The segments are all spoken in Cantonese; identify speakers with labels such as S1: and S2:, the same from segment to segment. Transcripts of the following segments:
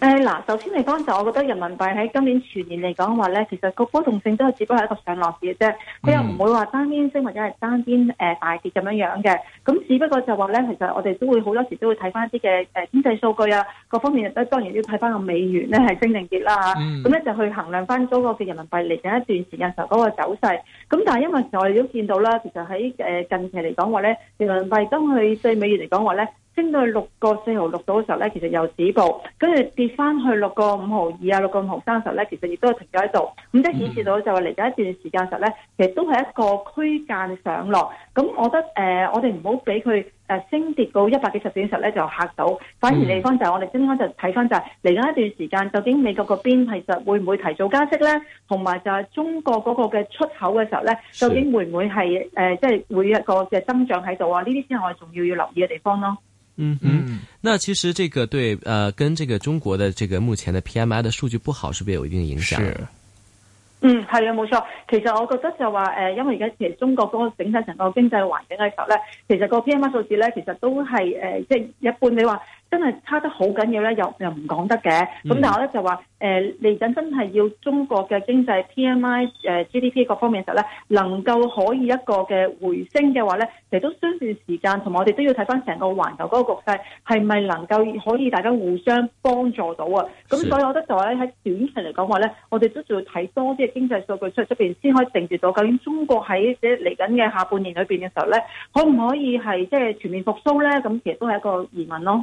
S1: 誒嗱，首先嚟講就，我覺得人民幣喺今年全年嚟講話咧，其實個波動性都係只不過係一個上落市嘅啫，佢又唔會話單邊升或者係單邊誒大跌咁樣樣嘅，咁只不過就話咧，其實我哋都會好多時都會睇翻一啲嘅誒經濟數據啊，各方面咧當然要睇翻個美元咧係升定跌啦嚇，咁咧、嗯、就去衡量翻嗰個嘅人民幣嚟緊一段的時間就嗰個走勢，咁但係因為我哋都見到啦，其實喺誒近期嚟講話咧，人民幣當佢對美元嚟講話咧。升到六個四毫六度嘅時候咧，其實又止步，跟住跌翻去六個五毫二啊，六個五毫三嘅時候咧，其實亦都係停咗喺度。咁即係顯示到就係嚟緊一段時間嘅時候咧，其實都係一個區間上落。咁我覺得誒、呃，我哋唔好俾佢誒升跌到一百幾十點嘅時候咧，就嚇到。反而地方就係我哋啱啱就睇翻就係嚟緊一段時間，究竟美國嗰邊其實會唔會提早加息咧？同埋就係中國嗰個嘅出口嘅時候咧，究竟會唔會係誒即係每一個嘅增長喺度啊？呢啲先係我哋重要要留意嘅地方咯。
S2: 嗯嗯，那其實這個對，呃跟這個中國的這個目前的 P M I 的數據不好，是不是有一定影響？嗯，
S1: 係啊，冇錯。其實我覺得就話，誒、呃，因為而家其實中國嗰個整體成個經濟環境嘅時候咧，其實個 P M I 數字咧，其實都係誒，即、呃、係、就是、一般。你話。真係差得好緊要咧，又又唔講得嘅。咁、嗯、但係我咧就話，誒嚟緊真係要中國嘅經濟 P M I、呃、G D P 各方面嘅時候咧，能夠可以一個嘅回升嘅話咧，其實都相對時間，同埋我哋都要睇翻成個環球嗰個局勢係咪能夠可以大家互相幫助到啊？咁是所以我覺得就喺喺短期嚟講話咧，我哋都仲要睇多啲嘅經濟數據出出邊先可以定住到究竟中國喺即係嚟緊嘅下半年裏面嘅時候咧，可唔可以係即係全面復甦咧？咁其實都係一個疑問咯。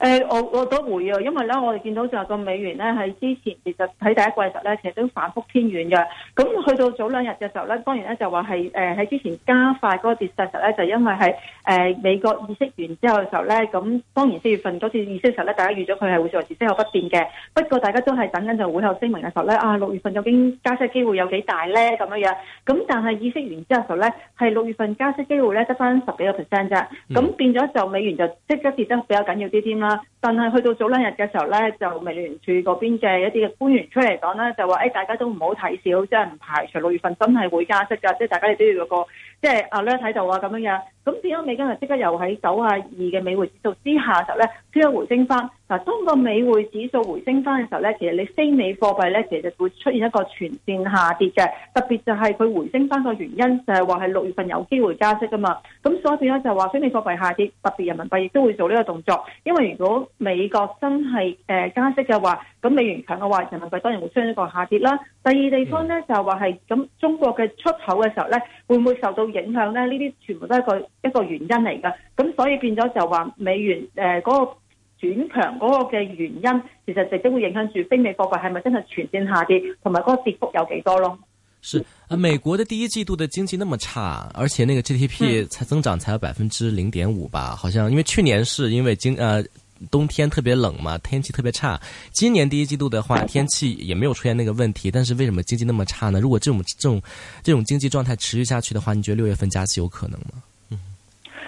S1: 誒、欸、我我都會啊，因為咧我哋見到就係個美元咧係之前其實喺第一季嘅時候咧其實都反覆偏軟嘅，咁去到早兩日嘅時候咧，當然咧就話係誒喺之前加快嗰個跌勢時候咧，就因為係誒、呃、美國議息完之後嘅時候咧，咁當然四月份嗰次議息嘅時候咧，大家預咗佢係會保持息口不變嘅，不過大家都係等緊就會有聲明嘅時候咧，啊六月份究竟加息機會有幾大咧咁樣樣，咁但係議息完之後時候咧，係六月份加息機會咧得返十幾個 percent 啫，咁變咗就美元就即刻跌得比較緊要啲添啦。但係去到早兩日嘅時候咧，就美聯儲嗰邊嘅一啲官員出嚟講咧，就話誒、哎，大家都唔好睇少，即係唔排除六月份真係會加息噶，即、就、係、是、大家亦都要有個即係、就是、啊，咧睇就話咁樣樣，咁點解美金係即刻又喺九啊二嘅美匯指數之下嘅時候咧，即刻回升翻？嗱，當美匯指數回升翻嘅時候咧，其實你非美貨幣咧，其實就會出現一個全線下跌嘅。特別就係佢回升翻個原因，就係話係六月份有機會加息噶嘛。咁所以呢，就話非美貨幣下跌，特別人民幣亦都會做呢個動作。因為如果美國真係誒加息嘅話，咁美元強嘅話，人民幣當然會出現一個下跌啦。第二地方咧就話係咁中國嘅出口嘅時候咧，會唔會受到影響咧？呢啲全部都係一個一個原因嚟嘅。咁所以變咗就話美元誒嗰個轉強嗰個嘅原因，其實直接會影響住非美貨幣係咪真係全線下跌，同
S2: 埋嗰個跌幅有幾多咯？是啊，美國的第一季度的經濟那麼差，而且那個 GDP 才增長才有百分之零點五吧？嗯、好像因為去年係因為今啊、呃、冬天特別冷嘛，天氣特別差。今年第一季度的話，嗯、天氣也沒有出現那個問題，但是為什麼經濟那麼差呢？如果這種這種這種經濟狀態持續下去的話，你覺得六月份加息有可能嗎？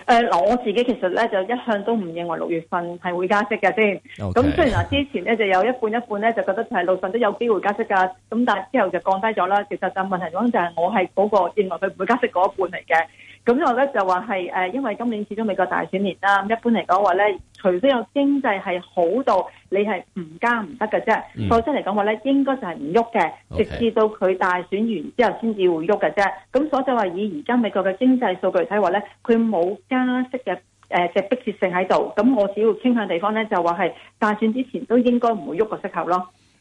S1: 誒嗱、呃，我自己其實咧就一向都唔認為六月份係會加息嘅先。咁 Okay. 雖然嗱，之前咧就有一半一半咧就覺得係六月份都有機會加息㗎，咁但係之後就降低咗啦。其實就問題講就係我係嗰、嗰個認為佢唔會加息嗰一半嚟嘅。咁我咧就話係誒，因為今年始終美國大選年啦，一般嚟講話咧，除非有經濟係好到你係唔加唔得嘅啫，否則嚟講話咧，應該就係唔喐嘅，直至到佢大選完之後先至會喐嘅啫。咁所以話以而家美國嘅經濟數據睇話咧，佢冇加息嘅誒嘅迫切性喺度，咁我只要傾向地方咧就話係大選之前都應該唔會喐個息口咯。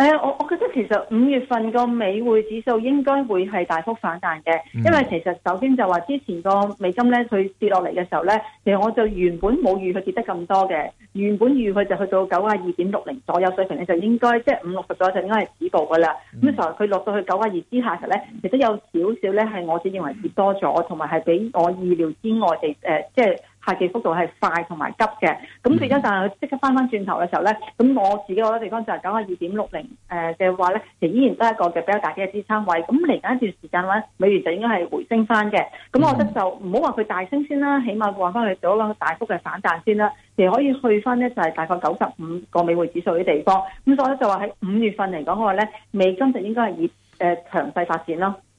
S1: 誒、哎，我我覺得其實五月份個美匯指數應該會係大幅反彈嘅，因為其實首先就話之前個美金咧，佢跌落嚟嘅時候咧，其實我就原本冇預佢跌得咁多嘅，原本預佢就去到九啊二點六零左右水平咧，就應該即係五六十咗就應該係止步㗎喇。咁嘅時候佢落到去九啊二之下嘅時候咧，其實有少少咧係我自認為跌多咗，同埋係比我意料之外嘅誒，即、呃、係。就是下跌幅度係快同埋急嘅，咁而家就係佢即刻翻翻轉頭嘅時候咧，咁我自己好多地方就係九十二點六零，誒嘅話咧，其實依然都係一個嘅比較大啲嘅支撐位。咁嚟緊一段時間咧，美元就應該係回升翻嘅。咁我覺得就唔好話佢大升先啦，起碼話翻佢做一個大幅嘅反彈先啦，其實亦可以去翻咧就係、是、大概九十五個美匯指數嘅地方。咁所以就話喺五月份嚟講，我話咧美金就應該係以誒強勢發展咯。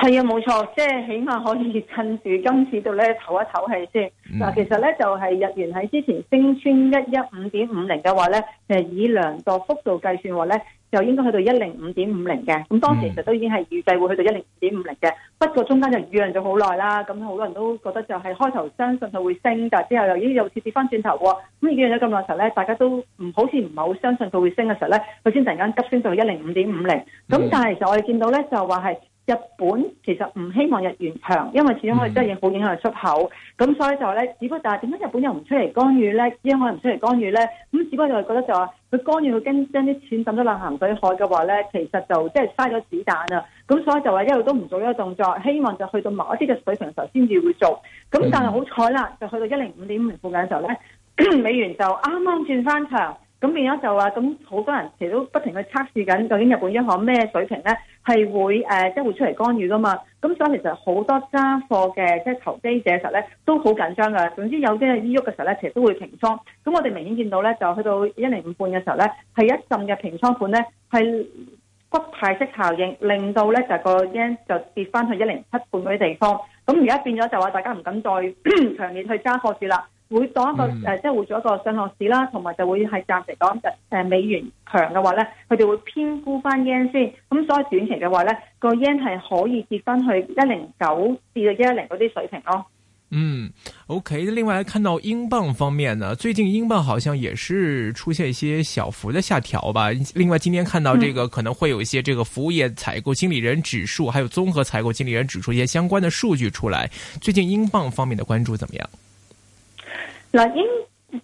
S1: 係啊，冇錯，即係起碼可以趁住今次度咧唞一唞氣先。嗱、嗯就是，其實咧就係日元喺之前升穿一一五點五零嘅話咧，誒以量度幅度計算話咧，就應該去到一零五點五零嘅。咁當時其實都已經係預計會去到一零五點五零嘅。嗯、不過中間就預量咗好耐啦，咁好多人都覺得就係開頭相信佢會升，但係之後又已經又次跌翻轉頭喎。咁預咗咁耐時候咧，大家都唔好似唔係好相信佢會升嘅時候咧，佢先突然間急升到一零五點五零。咁但係其實我哋見到咧就話係。日本其實唔希望日元強，因為始終佢真係好影響出口。咁所以就咧，只不過就係點解日本又唔出嚟干預咧？點解唔出嚟干預咧？咁只不過就係覺得就話佢干預佢驚將啲錢抌咗落鹹水海嘅話咧，其實就即係嘥咗子彈啊！咁所以就話一路都唔做呢個動作，希望就去到某一啲嘅水平時候先至會做。咁但係好彩啦，就去到一零五點五附近嘅時候咧，美元就啱啱轉翻強。咁變咗就話，咁好多人其實都不停去測試緊究竟日本央行咩水平咧，係會即係、呃即係、會出嚟干預噶嘛？咁所以其實好多揸貨嘅即係投資者嘅時候咧都好緊張㗎。總之有啲係依鬱嘅時候咧，其實都會平倉。咁我哋明顯見到咧，就去到一零五半嘅時候咧，係一陣嘅平倉盤咧係骨牌式效應，令到咧就個 yen 就跌翻去一零七半嗰啲地方。咁而家變咗就話，大家唔敢再長 年去揸貨住啦。會當一個誒，即係會做一個上落市啦，同埋就會係暫時講就誒美元強嘅話咧，佢哋會偏估翻 yen 先。咁所以短期嘅話咧，個 yen 係可以跌翻去一零九至到一一零嗰啲水
S2: 平咯。嗯，OK。另外看到英鎊方面呢，最近英鎊好像也是出現一些小幅嘅下調吧。另外今天看到這個可能會有一些這個服務業採購經理人指數，嗯、還有綜合採購經理人指數一些相關的數據出來。最近英鎊方面的關注怎麼樣？
S1: 嗱，英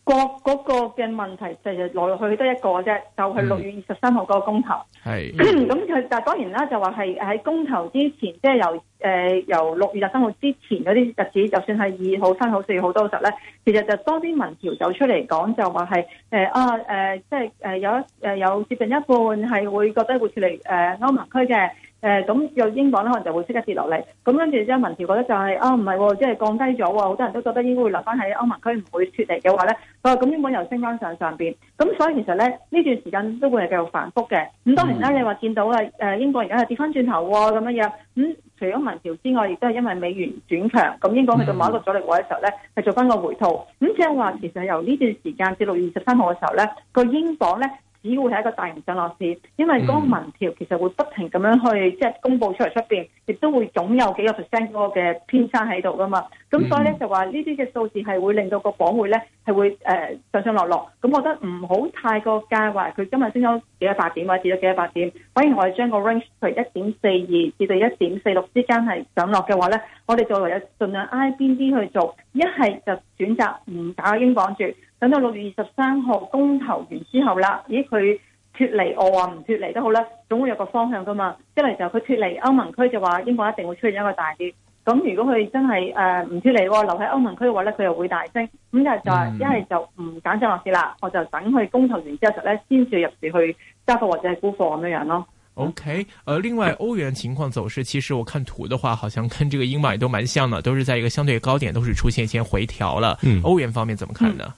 S1: 國嗰個嘅問題就係來來去去都一個啫，就係六月二十三號個公投。係、嗯，咁佢 但係當然啦，就話係喺公投之前，即、就、係、是、由誒、呃、由六月二十三號之前嗰啲日子，就算係二號、三號、四號多時咧，其實就多啲民調走出嚟講，就話係誒啊誒，即係誒、呃、有一誒、呃、有接近一半係會覺得會脱離誒歐盟區嘅。誒，咁有英鎊咧，可能就會即刻跌落嚟。咁跟住之後，民調覺得就係、是、啊，唔係喎，即係、哦就是、降低咗喎。好多人都覺得應該會留翻喺歐盟區，唔會脫離嘅話咧，佢話，咁英鎊又升翻上上邊。咁所以其實咧，呢段時間都會係繼續反覆嘅。咁當然啦，你話見到啦，誒英國而家係跌翻轉頭喎，咁樣樣。咁除咗民調之外，亦都係因為美元轉強，咁英國去到某一個阻力位嘅時候咧，係做翻個回吐。咁即係話其實由呢段時間至六月二十三號嘅時候咧，個英鎊咧。只會係一個大型上落市，因為嗰個民調其實會不停咁樣去，嗯、即係公佈出嚟出邊，亦都會總有幾個 percent 嗰個嘅偏差喺度噶嘛。咁所以咧、嗯、就話呢啲嘅數字係會令到個鎊會咧係會誒、呃、上上落落。咁我覺得唔好太過介懷佢今日升咗幾多百點或者跌咗幾多百點。反而我哋將個 range 譬如一點四二至到一點四六之間係上落嘅話咧，我哋就唯有盡量挨邊啲去做，一係就選擇唔打英鎊住。等到六月二十三號公投完之後啦，咦佢脱離我話唔脱離都好啦，總會有個方向噶嘛。一嚟就佢脱離歐盟區就話英國一定會出現一個大跌。咁如果佢真係誒唔脱離，留喺歐盟區嘅話咧，佢又會大升。咁就是、不就一係就唔減震落市啦，嗯、我就等佢公投完之後就咧，先至入市去揸貨或者係沽貨咁樣樣咯。
S2: OK，誒、呃，另外歐元情況走勢，其實我看圖的話，好像跟這個英鎊都蠻像嘅，都是在一個相對高點，都是出現一些回調啦。嗯，歐元方面怎麼看呢？嗯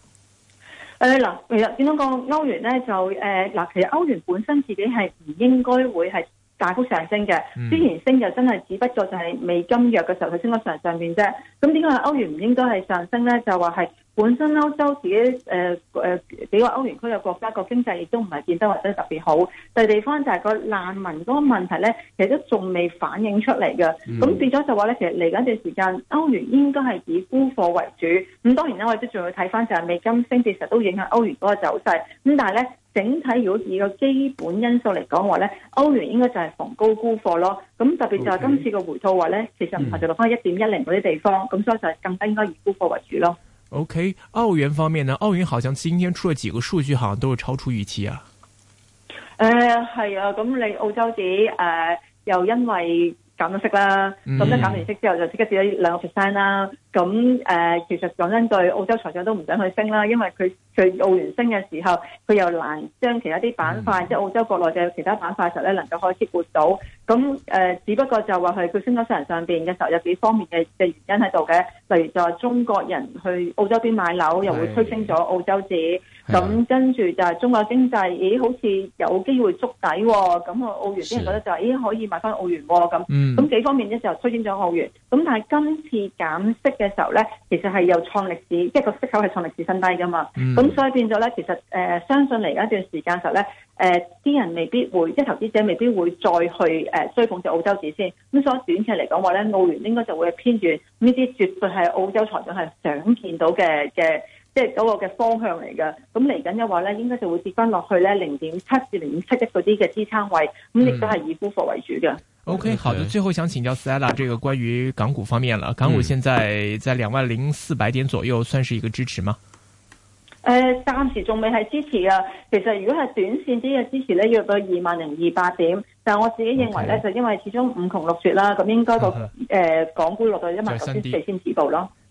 S1: 誒，嗱、嗯，其實見到個歐元咧，就誒、嗯，嗱，其實歐元本身自己係唔應該會係大幅上升嘅，雖然升就真係只不過就係美金弱嘅時候佢升咗上上邊啫。咁點解歐元唔應該係上升咧？就話係。本身歐洲自己誒誒，幾個歐元區嘅國家個經濟亦都唔係見得或者特別好，第二地方就係個難民嗰個問題咧，其實都仲未反映出嚟嘅。咁、mm. 變咗就話咧，其實嚟緊一段時間歐元應該係以沽貨為主。咁當然啦，我哋都仲要睇翻就係美金升跌其實都影響歐元嗰個走勢。咁但係咧，整體如果以個基本因素嚟講話咧，歐元應該就係逢高沽貨咯。咁特別就係今次個回吐話咧，其實唔係就落翻一點一零嗰啲地方，咁、mm. 所以就係更加應該以沽貨為主咯。
S2: O、okay, K，澳元方面呢？澳元好像今天出了幾個數據，好像都是超出預期啊。
S1: 誒，係啊，咁你澳洲紙誒又因為減息啦，咁樣減完息之後就即刻跌咗兩個 percent 啦。咁誒、呃，其實講真句，澳洲財長都唔想佢升啦，因為佢佢澳元升嘅時候，佢又難將其他啲板塊，嗯、即係澳洲國內嘅其他板塊嘅時候咧，能夠開始撥到。咁誒、呃，只不過就話係佢升咗上上邊嘅時候，有幾方面嘅嘅原因喺度嘅，例如就係中國人去澳洲邊買樓，又會推升咗澳洲紙。咁的跟住就係中國經濟，咦好似有機會觸底喎、哦，咁個澳元啲人覺得就係的咦可以買翻澳元喎、哦，咁咁、嗯、幾方面咧就推升咗澳元。咁但係今次減息嘅。嘅時候咧，其實係有創歷史，即係個息口係創歷史新低噶嘛。咁所以變咗咧，其實誒，相信嚟緊一段時間嘅時候咧，誒、呃，啲人未必會，即係投資者未必會再去誒、呃、追捧住澳洲紙先。咁所以短期嚟講話咧，澳元應該就會是偏軟。呢啲絕對係澳洲財政係想見到嘅嘅，即係嗰個嘅方向嚟嘅。咁嚟緊嘅話咧，應該就會跌翻落去咧零點七至零點七一嗰啲嘅支撐位。咁亦都係以沽貨為主嘅。嗯
S2: OK，好的，最後想請教 Stella，這個關於港股方面了，港股現在在兩萬零四百點左右，算是一個支持嗎？
S1: 誒、嗯呃，暫時仲未係支持啊。其實如果係短線啲嘅支持咧，要到二萬零二百點，但係我自己認為咧，okay, 就因為始終五窮六絕啦，咁應該個誒、 呃、港股落到一萬九千四先止步咯。